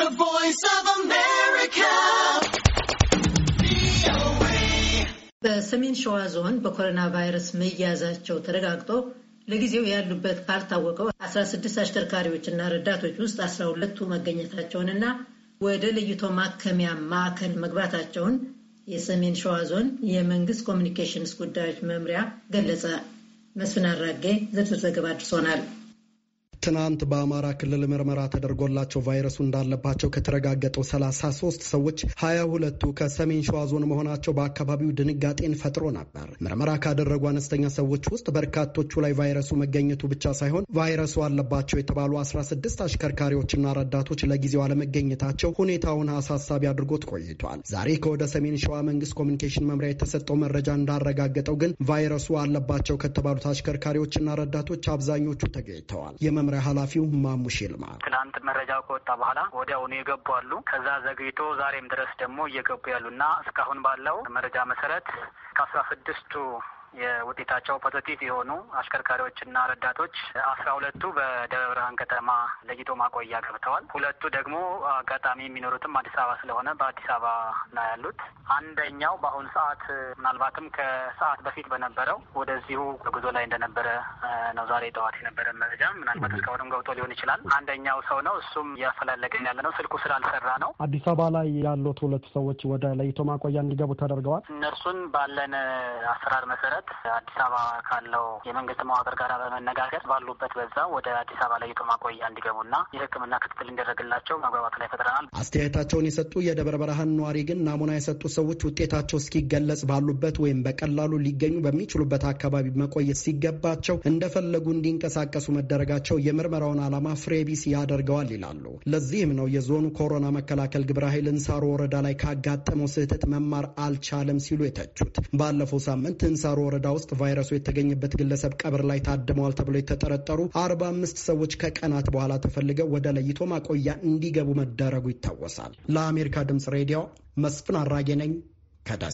The Voice of America. በሰሜን ሸዋ ዞን በኮሮና ቫይረስ መያዛቸው ተረጋግጦ ለጊዜው ያሉበት ካልታወቀው 16 አሽከርካሪዎችና ረዳቶች ውስጥ 12ቱ መገኘታቸውንና ወደ ለይቶ ማከሚያ ማዕከል መግባታቸውን የሰሜን ሸዋ ዞን የመንግስት ኮሚኒኬሽንስ ጉዳዮች መምሪያ ገለጸ። መስፍን አራጌ ዝርዝር ዘገባ አድርሶናል። ትናንት በአማራ ክልል ምርመራ ተደርጎላቸው ቫይረሱ እንዳለባቸው ከተረጋገጠው 33 ሰዎች 22ቱ ከሰሜን ሸዋ ዞን መሆናቸው በአካባቢው ድንጋጤን ፈጥሮ ነበር። ምርመራ ካደረጉ አነስተኛ ሰዎች ውስጥ በርካቶቹ ላይ ቫይረሱ መገኘቱ ብቻ ሳይሆን ቫይረሱ አለባቸው የተባሉ 16 አሽከርካሪዎችና ረዳቶች ለጊዜው አለመገኘታቸው ሁኔታውን አሳሳቢ አድርጎት ቆይቷል። ዛሬ ከወደ ሰሜን ሸዋ መንግስት ኮሚኒኬሽን መምሪያ የተሰጠው መረጃ እንዳረጋገጠው ግን ቫይረሱ አለባቸው ከተባሉት አሽከርካሪዎችና ረዳቶች አብዛኞቹ ተገኝተዋል። መምሪያ ኃላፊው ማሙሽ ይልማ ትናንት መረጃው ከወጣ በኋላ ወዲያውኑ የገቡ አሉ። ከዛ ዘግይቶ ዛሬም ድረስ ደግሞ እየገቡ ያሉና እስካሁን ባለው መረጃ መሰረት ከአስራ ስድስቱ የውጤታቸው ፖዘቲቭ የሆኑ አሽከርካሪዎችና ረዳቶች አስራ ሁለቱ በደብረ ብርሃን ከተማ ለይቶ ማቆያ ገብተዋል። ሁለቱ ደግሞ አጋጣሚ የሚኖሩትም አዲስ አበባ ስለሆነ በአዲስ አበባ ነው ያሉት። አንደኛው በአሁኑ ሰዓት ምናልባትም ከሰዓት በፊት በነበረው ወደዚሁ ጉዞ ላይ እንደነበረ ነው ዛሬ ጠዋት የነበረ መረጃ። ምናልባት እስካሁንም ገብቶ ሊሆን ይችላል። አንደኛው ሰው ነው፣ እሱም እያፈላለገን ያለ ነው። ስልኩ ስላልሰራ ነው። አዲስ አበባ ላይ ያሉት ሁለቱ ሰዎች ወደ ለይቶ ማቆያ እንዲገቡ ተደርገዋል። እነርሱን ባለን አሰራር መሰረት አካላት አዲስ አበባ ካለው የመንግስት መዋቅር ጋር በመነጋገር ባሉበት በዛ ወደ አዲስ አበባ ለይቶ ማቆያ እንዲገቡና የሕክምና ክትትል እንዲደረግላቸው መግባባት ላይ ፈጥረናል። አስተያየታቸውን የሰጡ የደብረ ብርሃን ነዋሪ ግን ናሙና የሰጡ ሰዎች ውጤታቸው እስኪገለጽ ባሉበት ወይም በቀላሉ ሊገኙ በሚችሉበት አካባቢ መቆየት ሲገባቸው እንደፈለጉ እንዲንቀሳቀሱ መደረጋቸው የምርመራውን ዓላማ ፍሬቢስ ያደርገዋል ይላሉ። ለዚህም ነው የዞኑ ኮሮና መከላከል ግብረ ኃይል እንሳሮ ወረዳ ላይ ካጋጠመው ስህተት መማር አልቻለም ሲሉ የተቹት። ባለፈው ሳምንት እንሳሮ ወረዳ ውስጥ ቫይረሱ የተገኘበት ግለሰብ ቀብር ላይ ታድመዋል ተብሎ የተጠረጠሩ አርባ አምስት ሰዎች ከቀናት በኋላ ተፈልገው ወደ ለይቶ ማቆያ እንዲገቡ መደረጉ ይታወሳል። ለአሜሪካ ድምጽ ሬዲዮ መስፍን አራጌ ነኝ ከደስ